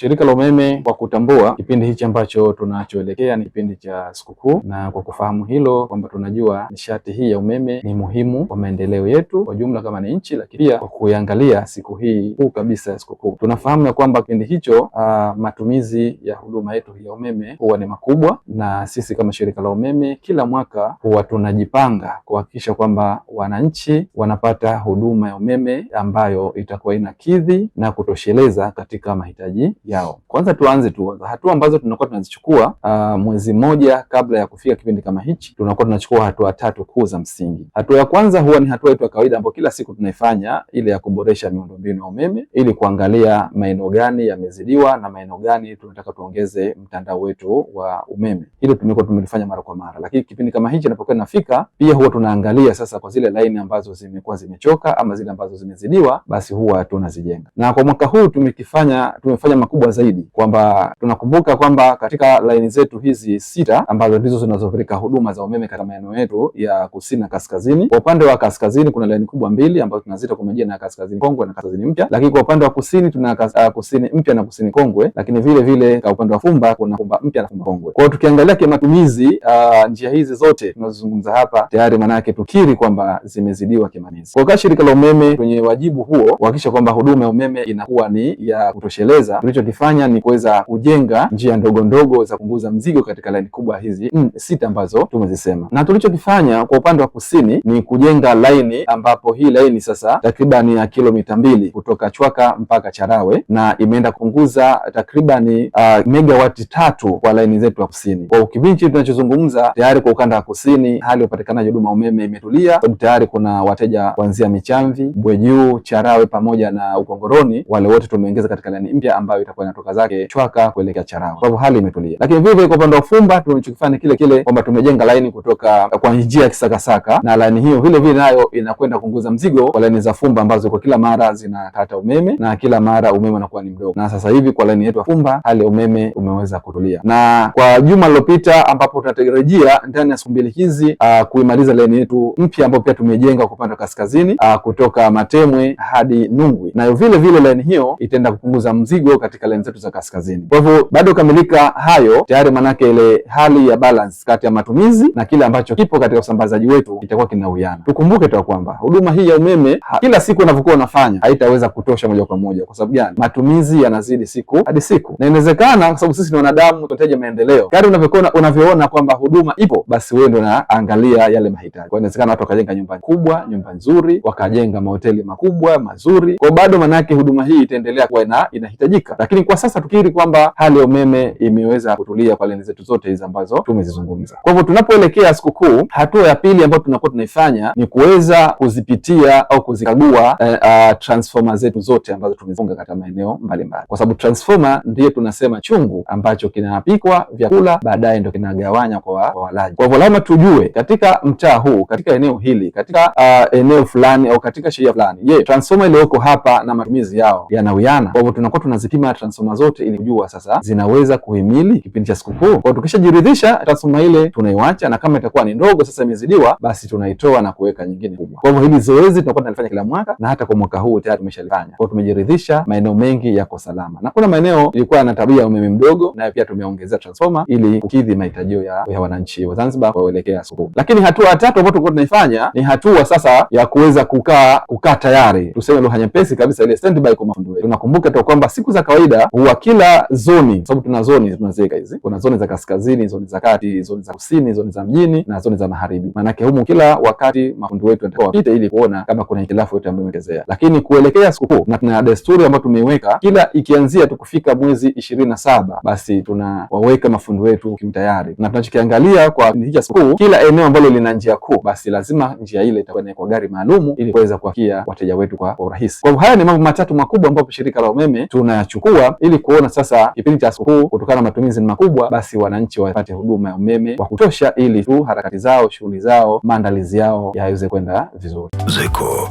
Shirika la umeme kwa kutambua kipindi hichi ambacho tunachoelekea ni kipindi cha sikukuu, na kwa kufahamu hilo kwamba tunajua nishati hii ya umeme ni muhimu kwa maendeleo yetu kwa jumla kama ni nchi, lakini pia kwa kuiangalia siku hii kuu kabisa ya sikukuu. Tunafahamu ya kwamba kipindi hicho a, ah, matumizi ya huduma yetu ya umeme huwa ni makubwa, na sisi kama shirika la umeme kila mwaka huwa tunajipanga kuhakikisha kwamba wananchi wanapata huduma ya umeme ambayo itakuwa inakidhi na kutosheleza katika mahitaji yao. Kwanza tuanze tu hatua ambazo tunakuwa tunazichukua uh, mwezi mmoja kabla ya kufika kipindi kama hichi, tunakuwa tunachukua hatua tatu kuu za msingi. Hatua ya kwanza huwa ni hatua yetu ya kawaida ambayo kila siku tunaifanya, ile ya kuboresha miundombinu ya umeme ili kuangalia maeneo gani yamezidiwa na maeneo gani tunataka tuongeze mtandao wetu wa umeme. Hilo tumekuwa tumelifanya mara kwa mara, lakini kipindi kama hichi inapokuwa inafika, pia huwa tunaangalia sasa kwa zile laini ambazo zimekuwa zimechoka ama zile ambazo zimezidiwa, basi huwa tunazijenga. Na kwa mwaka huu tumekifanya tumefanya makubwa kubwa zaidi, kwamba tunakumbuka kwamba katika laini zetu hizi sita ambazo ndizo zinazopeleka huduma za umeme katika maeneo yetu ya kusini na kaskazini. Kwa upande wa kaskazini kuna laini kubwa mbili ambazo tunazita kwa majina ya kaskazini kongwe na kaskazini mpya, lakini kwa upande wa kusini tuna uh, kusini mpya na kusini kongwe, lakini vile vile kwa upande wa Fumba kuna Fumba mpya na Fumba kongwe. Kwa hiyo tukiangalia kimatumizi uh, njia hizi zote tunazozungumza hapa tayari maanake tukiri kwamba zimezidiwa kimatumizi. Kwa shirika la umeme kwenye wajibu huo kuhakikisha kwamba huduma ya umeme inakuwa ni ya kutosheleza tulicho tunalifanya ni kuweza kujenga njia ndogo ndogo za kupunguza mzigo katika laini kubwa hizi mm, sita ambazo tumezisema, na tulichokifanya kwa upande wa kusini ni kujenga laini ambapo hii laini sasa takriban ya kilomita mbili kutoka Chwaka mpaka Charawe na imeenda kupunguza takriban uh, megawati tatu kwa laini zetu ya kusini. Kwa kipindi tunachozungumza tayari kwa ukanda wa kusini hali ya upatikanaji huduma umeme imetulia, sababu tayari kuna wateja kuanzia Michamvi, Bwejuu, Charawe pamoja na Ukongoroni, wale wote tumeongeza katika laini mpya ambayo itakuwa yanakuwa yanatoka zake Chwaka kuelekea Charao. Kwa hivyo hali imetulia, lakini vivyo kwa upande wa fumba tunachokifanya kile kile kwamba tumejenga laini kutoka kwa njia ya Kisakasaka, na laini hiyo vile vile nayo inakwenda kupunguza mzigo kwa laini za Fumba ambazo kwa kila mara zinakata umeme na kila mara umeme unakuwa ni mdogo, na sasa hivi kwa laini yetu ya Fumba hali ya umeme umeweza kutulia, na kwa juma lilopita ambapo tunatarajia ndani ya siku mbili hizi ah, kuimaliza laini yetu mpya ambayo pia tumejenga kwa upande wa kaskazini ah, kutoka Matemwe hadi Nungwi, nayo vile vile laini hiyo itaenda kupunguza mzigo katika katika zetu za kaskazini. Kwa hivyo bado kamilika hayo tayari, manake ile hali ya balance kati ya matumizi na kile ambacho kipo katika usambazaji wetu itakuwa kinauiana. Tukumbuke tu kwamba huduma hii ya umeme ha, kila siku unavyokuwa unafanya haitaweza kutosha moja kwa moja. Kwa sababu gani? Matumizi yanazidi siku hadi siku, na inawezekana kwa sababu sisi ni wanadamu, tunahitaji maendeleo. Kadri unavyoona unavyoona kwamba huduma ipo, basi wewe ndio unaangalia yale mahitaji. Kwa inawezekana watu wakajenga nyumba kubwa, nyumba nzuri, wakajenga mahoteli makubwa mazuri, kwa bado manake huduma hii itaendelea kuwa inahitajika, lakini lakini kwa sasa tukiri kwamba hali ya umeme imeweza kutulia kwa leni zetu zote hizi ambazo tumezizungumza. Kwa hivyo tunapoelekea sikukuu, hatua ya pili ambayo tunakuwa tunaifanya ni kuweza kuzipitia au kuzikagua uh, uh, transformer zetu zote ambazo tumefunga katika maeneo mbalimbali, kwa sababu transformer ndiyo tunasema chungu ambacho kinapikwa vyakula baadaye ndio kinagawanya kwa, kwa walaji. Kwa hivyo lazima tujue katika mtaa huu, katika eneo hili, katika uh, eneo fulani au katika sheria fulani, je, transformer iliyoko hapa na matumizi yao yanawiana? Kwa hivyo tunakuwa tunazipima transformer zote ili kujua sasa zinaweza kuhimili kipindi cha sikukuu. Kwa tukishajiridhisha transformer ile tunaiwacha, na kama itakuwa ni ndogo sasa imezidiwa, basi tunaitoa na kuweka nyingine kubwa. Kwa hivyo hili zoezi tunakuwa tunalifanya kila mwaka, na hata kwa mwaka huu tayari tumeshalifanya. Kwa tumejiridhisha maeneo mengi yako salama, na kuna maeneo ilikuwa na tabia ya umeme mdogo, nayo pia tumeongezea transformer ili kukidhi mahitajio ya, ya wananchi wa Zanzibar kuelekea sikukuu. Lakini hatua ya tatu ambayo tulikuwa tunaifanya ni hatua sasa ya kuweza kukaa kukaa tayari, tuseme lugha nyepesi kabisa, ile standby kwa mafundi wetu. Tunakumbuka tu kwamba siku za kawaida kawaida huwa kila zoni, sababu tuna zoni tunaziweka hizi, kuna zoni za kaskazini, zoni za kati, zoni za kusini, zoni za mjini na zoni za magharibi. Maanake humu kila wakati mafundi wetu yatakuwa wapite ili kuona kama kuna hitilafu yote ambayo imetezea. Lakini kuelekea sikukuu, na tuna desturi ambayo tumeiweka kila ikianzia tu kufika mwezi ishirini na saba basi tunawaweka mafundi wetu kimtayari, na tunachokiangalia kwa kipindi cha sikukuu, kila eneo ambalo lina njia kuu, basi lazima njia ile itakuwa kwa gari maalumu ili kuweza kuwafikia wateja wetu kwa urahisi. Kwa hivyo haya ni mambo matatu makubwa ambayo shirika la umeme tunayachukua kuwa ili kuona sasa kipindi cha sikukuu, kutokana na matumizi ni makubwa, basi wananchi wapate huduma ya umeme wa kutosha, ili tu harakati zao, shughuli zao, maandalizi yao yaweze kwenda vizuri. ZECO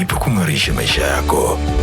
ipo kung'arisha maisha yako.